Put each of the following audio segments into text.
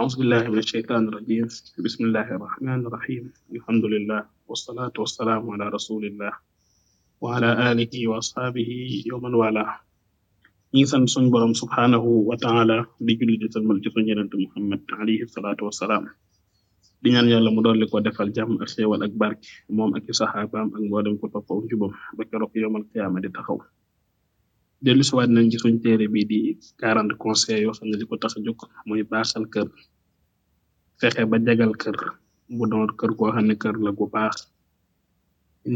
Auzubillahi mina sheytaani rajim bismillahi rahmaani rahim alhamdulilah wasalaatu wasalaamu ala rasulillah wa ala alihi wa asxaabihi wa man wala ñi ngi sant suñ borom subhaanahu wa taala di julli di salmal ci suñ yenent Muhammad alayhi salaatu wasalaam di ñaan yàlla mu dolli ko defal jàmm ak xéewal ak barke moom ak i saxaabaam ak mboolem ko topp njubam ba keroog yowmal qiyaama di taxaw dellu siwaat nañ ci suñ téere bi di quarante conseil yoo xam ne li ko tax a jóg mooy baaxal kër fexe ba jagal kër bu doon kër goo xam ne kër la gu baax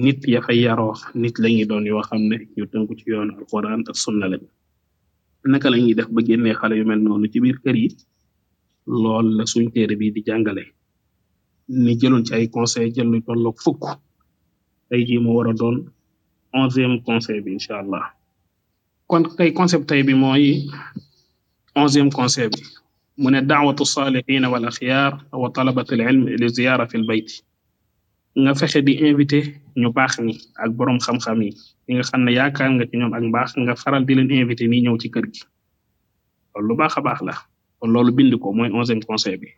nit ya fa yaroo nit lañuy doon yoo xam ne ñu tënku ci yoon alquran ak sunna lañ naka lañuy def ba génnee xale yu mel noonu ci biir kër yi lool la suñ téere bi di jàngale ni jëloon ci ay conseil jël lu tolloog fukk tey jii mu war a doon onzième conseil bi incha allah kon tey concept tey bi mooy onzième concept bi mu ne daawatu saalihiina wal axyaar wa talabat al ilm li ziyaara fi l bayt nga fexe di invité ñu baax ak boroom xam yi nga xam yaakaar nga ci ñoom ak mbaax nga faral di leen invité nii ñëw ci kër gi lu baax a baax la kon loolu bind ko mooy onzième conseil bi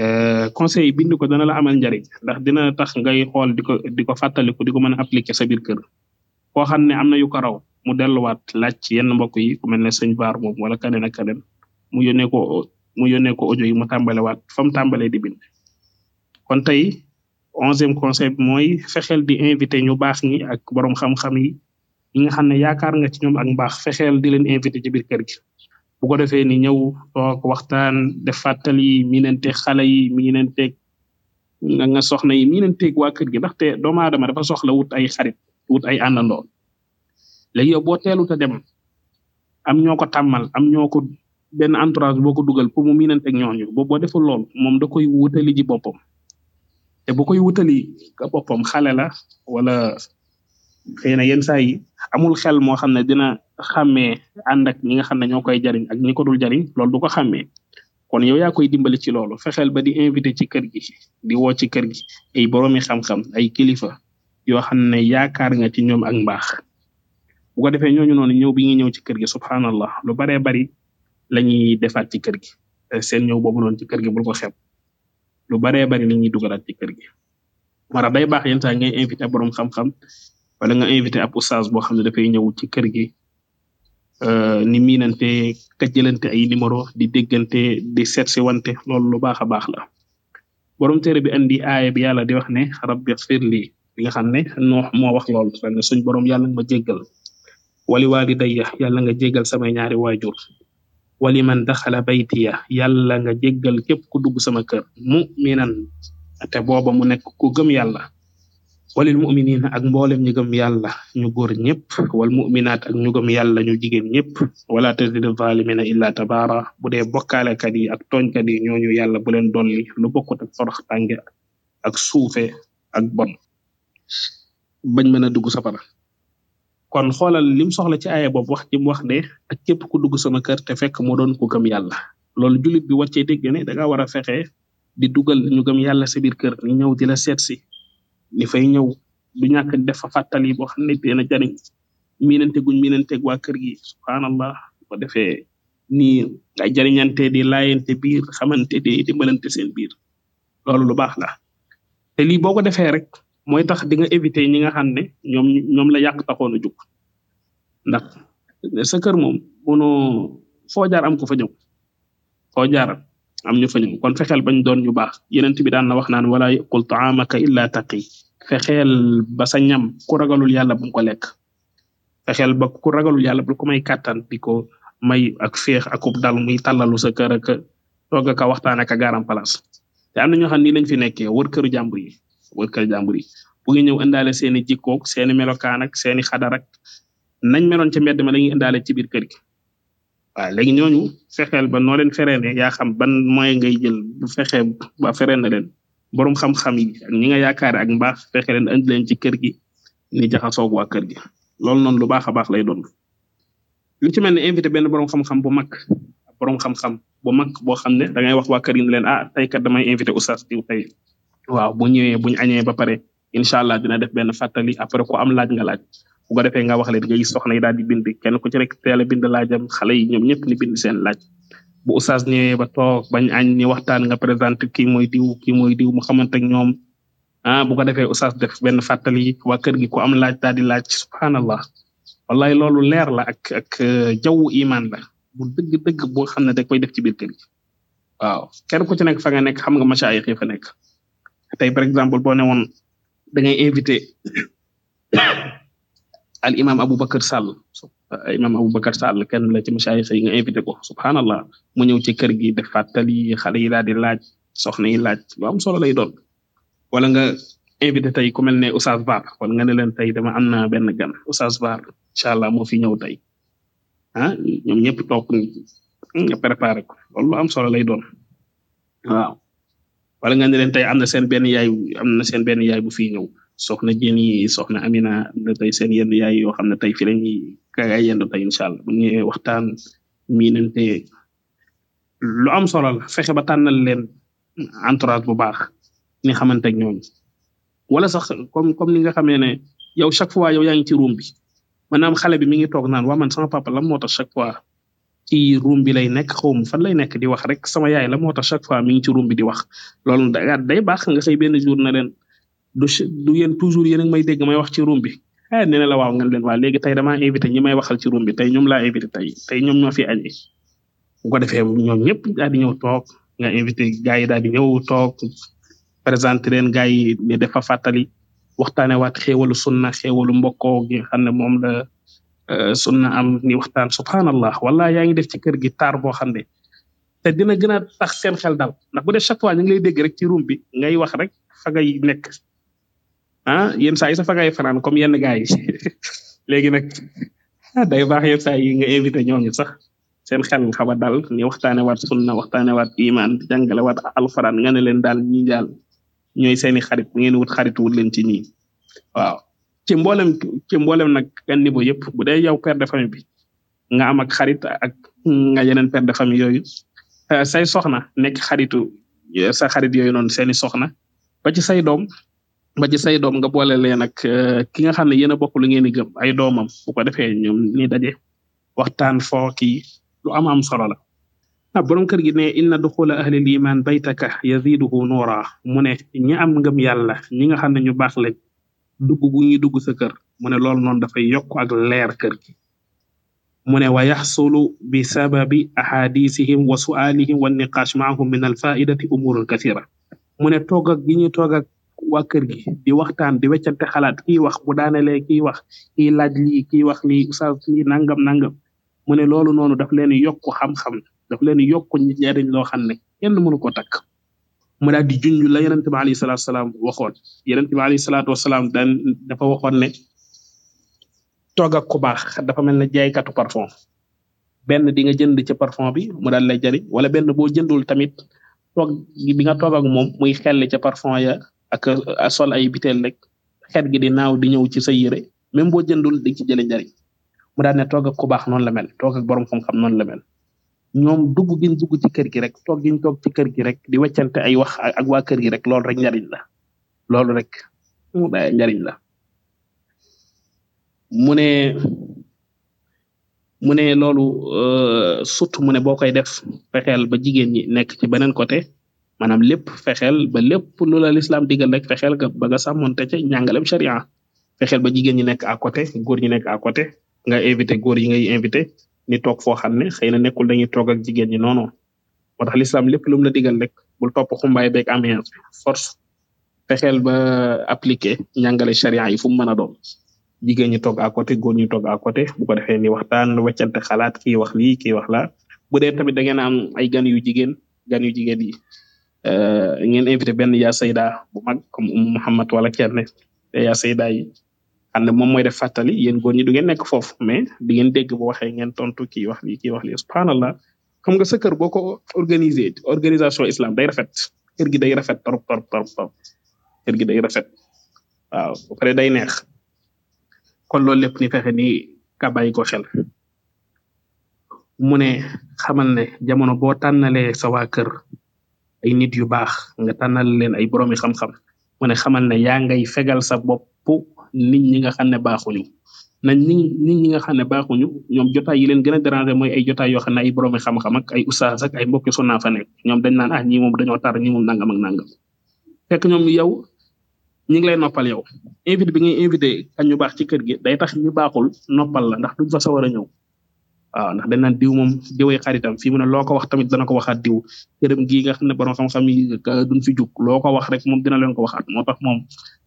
euh, conseil yi bind ko dana la amal njariñ ndax dina tax ngay xool di ko di ko fàttaliku di ko mën a appliquer sa biir kër ne am na mu delluwaat laaj ci yenn mbokk yi ku ne sëñ Baar moom wala kaneen ak kaneen mu yónnee ko mu yónnee ko ojo yi mu tàmbalewaat fa mu tàmbalee di bind kon tey onzième conseil bi mooy fexeel di invité ñu baax ñi ak borom xam-xam yi ñi nga xam ne yaakaar nga ci ñoom ak mbaax fexeel di leen invité ci biir kër gi bu ko defee ni ñëw toog waxtaan def fàttali miinante xale yi miinante nga soxna yi miinante waa gi ndaxte doomu aadama dafa soxla wut ay xarit wut ay àndandoo léegi yow boo teelut a dem am ñoo ko tàmmal am ñoo ko benn entourage boo ko dugal pour mu miinante teg ñooñu boo boo deful loolu moom da koy wutali ji boppam te bu koy wutali boppam xale la wala xëy na yenn saa yi amul xel moo xam ne dina xàmmee ànd ak ñi nga xam ne ñoo koy jariñ ak ñi ko dul jariñ loolu du ko xàmmee kon yow yaa koy dimbali ci loolu fexeel ba di invité ci kër gi di woo ci kër gi ay boroomi xam-xam ay kilifa yoo xam ne yaakaar nga ci ñoom ak mbaax bu ko defee ñooñu noonu ñëw bi ñuy ñëw ci kër gi subhanallah lu baree bari la ñuy defaat ci kër gi eh, seen ñëw boobu noonu ci kër gi bul ko xeeb lu baree bari la ñuy dugalaat ci kër gi. mara day baax yenn saa ngay invité boroom xam-xam wala nga invité ab oustaz boo xam ne dafay ñëw ci kër gi eh, ni miinante kajjalante ay numéro di déggante di seet si wante loolu lu baax a baax la boroom téere bi indi aaya bi yàlla di wax ne rabbi xfir lii bi nga xam ne noox moo wax loolu suñ borom yàlla nga ma jéggal wali waalidayya yàlla nga jéggal sama ñaari waajur wali man daxala baytiya yàlla nga jéggal képp ku dugg sama kër mu muminan te booba mu nekk ku gëm yàlla walil muminina ak mboolem ñu gëm yàlla ñu góor ñëpp wal muminaat ak ñu gëm yàlla ñu jigéen ñëpp wala tazid zalimina illa tabaara bu dee bokkaalekat yi ak tooñkat yi ñooñu yàlla bu leen dolli lu bokkut ak torox tànge ak suufe ak bon bañ mën a dugg safara kon xoolal lim soxla ci aaya boobu wax ji mu wax ne ak képp ku dugg sama kër te fekk mu doon ku gëm yàlla loolu jullit bi war cee dégg ne da ngaa war a fexe di dugal ñu gëm yàlla sa biir kër ñu ñëw di la seet si ni fay ñëw du ñàkk def fa fàttali boo xam ne dina jariñ miinante guñ miinanteeg waa kër gi subhanallah ko defee nii ay jariñante di laayante biir xamante di dimbalante seen biir loolu lu baax la te lii boo ko rek mooy tax di nga éviter ñi nga xam ne ñoom ñoom la yàq taxoon a jug ndax sa kër moom mënoo foo jaar am ko fa ñëw foo am ñu fa kon fexel bañ doon ñu baax yeneen bi daan na wax naan wala yaqul taamaka illa taqi fexeel ba sa ñam ku ragalul yàlla bu mu ko lekk fexeel ba ku ragalul yàlla bu ko may kàttan di ko may ak féex akub dal muy tàllalu sa kër ak toog ak a waxtaan ak a gaaram place te am na ñoo xam ni lañ fi nekkee wër këru jàmbur yi wër ka jàmbur yi bu nga ñëw indaale seen i jikkoog seen i melokaan seeni seen i xadar ak nañ meloon ca mbedd ma la ñuy indaale ci biir kër gi waaw léegi ñooñu fexeel ba noo leen feree ne yaa xam ban moyen ngay jël bu fexee ba feree na leen borom xam-xam yi ak ñi nga yaakaar ak mbax fexe leen andi leen ci kër gi ni jaxasoo ak kër gi loolu noonu lu baax a baax lay doon lu ci mel ne invité benn borom xam-xam bu mag boroom xam-xam bu mag boo xam ne da ngay wax waa kër gi ne leen ah tey kat damay invité oustaz diw tey waaw bu ñëwee bu ñu añee ba pare incha allah dina def benn fàttali après ku am laaj nga laaj bu ko defee nga wax leen nga gis soxna yi daal di bind kenn ku ci rek teel a bind laajam xale yi ñoom ñëpp ni bind seen laaj bu oustaz ñëwee ba toog bañ añ ni waxtaan nga présenté kii mooy diw kii mooy diw mu xamante ak ñoom ah bu ko defee oustaz def benn fàttali waa kër gi ku am laaj daal di laaj subhanallah wallahi loolu leer la ak ak euh, jaww iman la bu dëgg-dëgg boo xam ne da koy def ci biir kër gi waaw ci nekk fa nga nekk xam nga macha ay fa nekk tey par exemple boo ne woon da ngay invité al imam Aboubacar Sall uh, imam Aboubacar Sall kenn la ci masaayix yi nga invité ko subhanallah mu ñëw ci kër gi def fàttali xale yi daal di laaj soxna yi laaj lu am solo lay doon wala nga invité tey ku ne ne Oustaz Baar wala nga ne leen tey dama am na benn gan Oustaz Baar incha allah moo fi ñëw tey ah ñoom ñëpp toog nga préparé ko lu am solo lay doon waaw wala nga ne leen tey am na seen benn yaay am na seen benn yaay bu fi ñëw soxna yi soxna Amina am na tey seen yenn yaay yoo xam ne tey fi la ñuy kaay yendu tey incha allah bu ñu waxtaan miinante lu am solo la fexe ba tànnal leen entourage bu baax ni xamante ak ñooñu wala sax comme comme ni nga xamee ne yow chaque fois yow yaa ngi ci room bi maanaam xale bi mi ngi toog naan waa man sama papal lan moo tax chaque fois ci room lay nekk xaw ma fan lay nekk di wax rek sama yaay la moo tax chaque fois mi ngi ci room bi di wax loolu da day a nga xëy benn jour na leen du du yéen toujours yéen a may dégg may wax ci room bi ah nee na la waaw ngeen leen waa léegi ñi may waxal ci room bi tey ñoom laa invité tey tey ñoom fi añi bu ko defee ñoom ñëpp daal di présenté leen gars ne dafa fàttali waxtaane waat xéewalu sunna xéewalu mbokkoo gi nga Euh, sunna am ni waxtaan subhanallah wala yaa ngi def ci kër gi taar boo xam ne te dina gën a tax seen xel dal ndax bu dee chaque fois ñu ngi lay dégg rek ci room bi ngay wax rek fa ngay nekk ah yenn saa yi sa fa ngay fanaan comme yenn gars yi léegi nag ah, day baax yenn saa yi nga invité ñooñu sax seen xel xaw a daal ni waxtaane waat sunna waxtaane waat iman jàngale waat alfaraan nga ne leen daal ñi daal ñooy seeni xarit ngeen wut xarit wut leen ci ñii ci mboolem ci mboolem nag gan niveau yëpp bu dee yow père de famille bi nga am ak xarit ak nga yeneen père de famille yooyu euh, say soxna nekk xaritu sa xarit yooyu noonu seeni soxna ba ci say doom ba ci say doom nga boole leen ak euh, ki nga xam ne yéen a bokk lu ngeen di gëm ay doomam bu ko defee ñoom ñuy daje waxtaan foo kii lu am am solo la. ah borom kër gi ne inna duxula ahlil iman baytaka yaziduhu nuura mu ne ñi am yàlla ñi nga xam ne ñu baax lañ. dugg gu ñuy dugg sa kër mu ne loolu noonu dafay yokk ak leer kër gi mu ne wa yaxsulu bi sababi ahadisihim wa su'alihim wa niqaash maahum min alfaidati umurun kasira mu ne toog ak gi ñuy toog ak waa kër gi di waxtaan di weccante xalaat kii wax bu daanelee kii wax kii laaj lii kii wax lii oustaz lii nangam nangam mu ne loolu noonu daf leen yokk xam-xam daf leen yokk njariñ loo xam ne kenn mënu ko takk mu daal di junj la yonente bi alayhi salaatu wasalaam waxoon yonente bi alayhi daan dafa waxoon ne toog ak ku baax dafa mel ne jaaykatu parfum benn di nga jënd ci parfum bi mu daal lay jariñ wala benn boo jëndul tamit toog bi nga toog ak moom muy xel ca parfum ya ak sol ay biteel rek xeet gi di naaw di ñëw ci sa yére même boo jëndul di ci jëlee njariñ mu daal ne toog ak ku baax noonu la mel toog ak borom xam-xam la mel. ñoom dugg giñ dugg ci kër gi rek toog giñ toog ci kër gi rek di weccante ay wax ak waa kër gi rek loolu rek njariñ la loolu rek njariñ la mu ne mu ne loolu euh, surtout mu ne boo koy def fexeel ba jigéen ñi nekk ci beneen côté maanaam lépp fexeel ba lépp lu la lislaam digal rek fexeel ba nga sàmmonte ca ñàngalem sharia fexeel ba jigéen ñi nekk à côté góor ñi nekk à côté nga invité góor yi ngay invité ni toog foo xam ne xëy na nekkul dañuy toog ak jigéen ñi non non moo tax lislaam lépp lu la digal rek bul topp xumbaay beeg ambiance bi force fexeel ba appliqué njàngale charia yi fu mu mën a doon jigéen ñi toog à côté góor ñi toog à côté bu ko defee ni waxtaan weccante xalaat kii wax lii kii wax laa bu dee tamit da ngeen am ay gan yu jigéen gan yu jigéen yi euh, ngeen invité benn yaa sayda bu mag Muhammad wala kenn te yaa sayda yi ànd moom mooy def fàttali yéen góor ñi du ngeen nekk foofu mais di ngeen dégg bu waxee ngeen tontu kii wax lii kii wax lii subhanallah xam nga sa kër boo ko organisé organisation islam day rafet kër gi day rafet torop torop torop torop kër gi day rafet waaw ba pare day neex kon loolu lépp ni fexe ni ka bàyyi ko xel mu ne xamal ne jamono boo tànnalee sa waa kër ay nit yu baax nga tànnal leen ay boroomi xam-xam mu xamal ne yaa fegal sa nit ñi nga xam ne baaxuñu nañ nit nit ñi nga xam ne baaxuñu ñoom jotaay yi leen gën a déranger mooy ay jotaay yoo xam ne ay boroomi xam-xam ak ay ustaas ak ay mbokki sunnaa fa ñoom dañ naan ah ñii moom dañoo tar ñii moom nangam ak nangam fekk ñoom yow ñi ngi lay noppal yow invité bi ngay invité ak ñu baax ci kër gi day tax ñu baaxul noppal la ndax duñ fa sawar a ñëw waaw ah, ndax dañ naan diw moom diwee xaritam fii mu ne loo ko wax tamit dana ko waxaat diw këram gi nga xam ne borom xam-xam yi duñ fi jug loo ko wax rek moom dina leen ko waxaat moo tax moom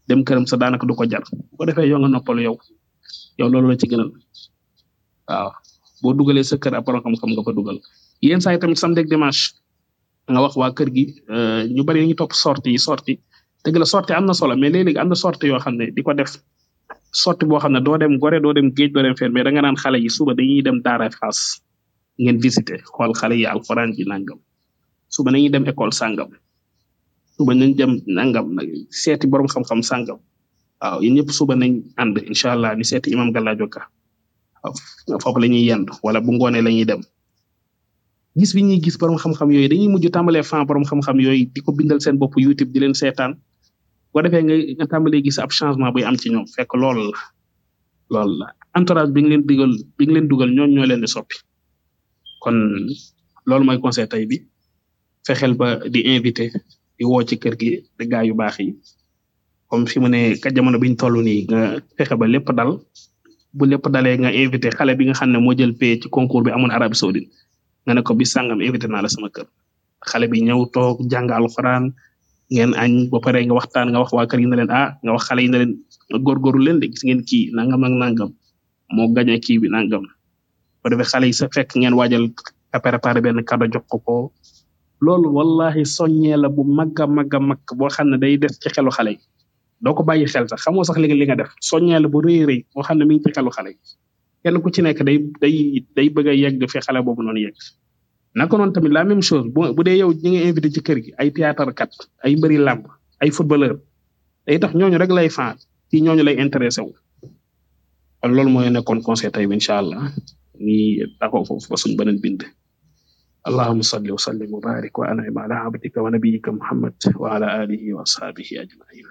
dem këram sax daanaka du ko jar bu ko defee yow nga noppalu yow yow loolu la ci gënal waaw boo dugalee sa kër ab borom xam-xam nga fa dugal yenn saa yi tamit samedi ak dimanche nga wax waa kër gi eh, ñu bari ñu topp sorti yi sorti te la sorti am na solo mais léeg-léeg am na sorti yoo xam ne di ko def sotti boo xam ne doo dem gore doo dem géej doo dem fenn mais da nga naan xale yi suba dañuy dem daara xaas ngeen visiter xool xale yi alxuraan ji nangam suba nañuy dem école sangam suba nañ dem nangam seeti borom xam-xam sangam waaw yéen ñëpp suba nañ ànd incha allah ñu seeti imam Gallaajo Ka foofu la ñuy yend wala bu ngoone la ñuy dem. gis bi ñuy gis borom xam-xam yooyu dañuy mujj tàmbalee fan borom xam-xam yooyu di ko bindal seen bopp YouTube di leen seetaan boo defee nga nga tàmbalee gis ab changement buy am ci ñoom fekk lool la lool la entourage bi nga leen digal bi nga leen dugal ñooñ ñoo leen di kon loolu mooy conseil tey bi fexeel ba di invité di woo ci kër gi di gaa yu baax yi comme fi mu ne ka jamono biñ toll nii nga fexe ba lépp dal bu lépp dalee nga invité xale bi nga xam ne moo jël pay ci concours bi amoon Arabie Saoudite nga ne ko bi sàngam invité naa la sama kër xale bi ñëw toog jàng alxuraan ngeen añ ba pare nga waxtaan nga wax waa yi na leen ah nga wax yi na leen góorgóorlu leen de gis ngeen kii nangam ak nangam moo gañe kii bi nangam ba defee xale yi sa fekk ngeen waajal préparé benn cadeau jox ko ko loolu wallahi soññee la bu mag a mag a mag boo xam ne day def ci xelu xale yi doo bàyyi xel sax xamoo sax léegi li nga def soññee la bu rëy rëy boo xam ne mi ngi ci xelu xale yi kenn ku ci nekk day day day bëgg a yegg fi xale boobu noonu yegg naka noonu tamit la même chose bu bu dee yow ñi nga invité ci kër gi ay théâtre kat ay mbëri làmb ay footballeur day tax ñooñu rek lay fan ci ñooñu lay intéressé wu kon loolu mooy nekkoon conseil tey incha allah ni taxaw foofu ba suñ beneen bind allahumma salli wa sallim wa barik wa an'im ala abdika wa nabiyyika muhammad wa ala alihi wa ashabihi ajma'in